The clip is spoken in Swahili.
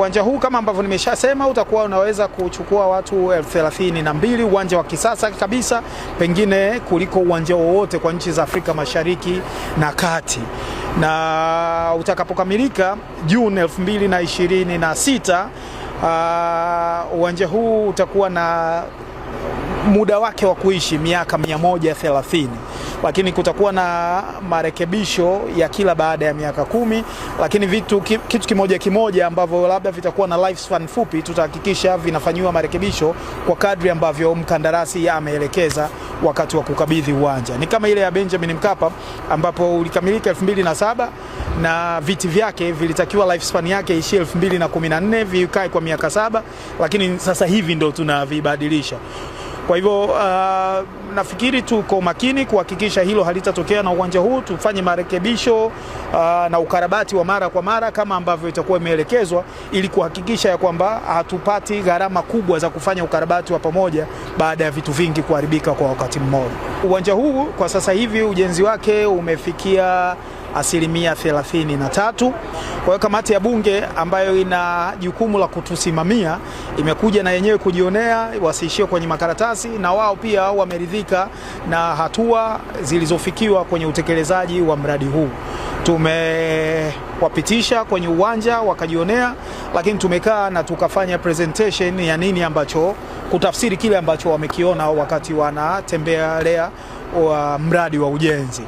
uwanja huu kama ambavyo nimeshasema utakuwa unaweza kuchukua watu elfu thelathini na mbili, uwanja wa kisasa kabisa pengine kuliko uwanja wowote kwa nchi za Afrika Mashariki na Kati, na utakapokamilika Juni 2026 uh, uwanja huu utakuwa na muda wake wa kuishi miaka 130, lakini kutakuwa na marekebisho ya kila baada ya miaka kumi. Lakini vitu, kitu kimoja kimoja ambavyo labda vitakuwa na lifespan fupi tutahakikisha vinafanyiwa marekebisho kwa kadri ambavyo mkandarasi ameelekeza wakati wa kukabidhi uwanja. Ni kama ile ya Benjamin Mkapa ambapo ulikamilika 2007 na viti vyake vilitakiwa lifespan yake ishie 2014 vikae kwa miaka saba, lakini sasa hivi ndo tunavibadilisha. Kwa hivyo uh, nafikiri tuko makini kuhakikisha hilo halitatokea na uwanja huu tufanye marekebisho uh, na ukarabati wa mara kwa mara kama ambavyo itakuwa imeelekezwa ili kuhakikisha ya kwamba hatupati gharama kubwa za kufanya ukarabati wa pamoja baada ya vitu vingi kuharibika kwa wakati mmoja. Uwanja huu kwa sasa hivi ujenzi wake umefikia asilimia 33. Kwa hiyo kamati ya bunge ambayo ina jukumu la kutusimamia imekuja na yenyewe kujionea, wasiishie kwenye makaratasi, na wao pia wameridhika na hatua zilizofikiwa kwenye utekelezaji wa mradi huu. Tumewapitisha kwenye uwanja wakajionea, lakini tumekaa na tukafanya presentation ya nini ambacho kutafsiri kile ambacho wamekiona wakati wanatembelea wa uh, mradi wa ujenzi.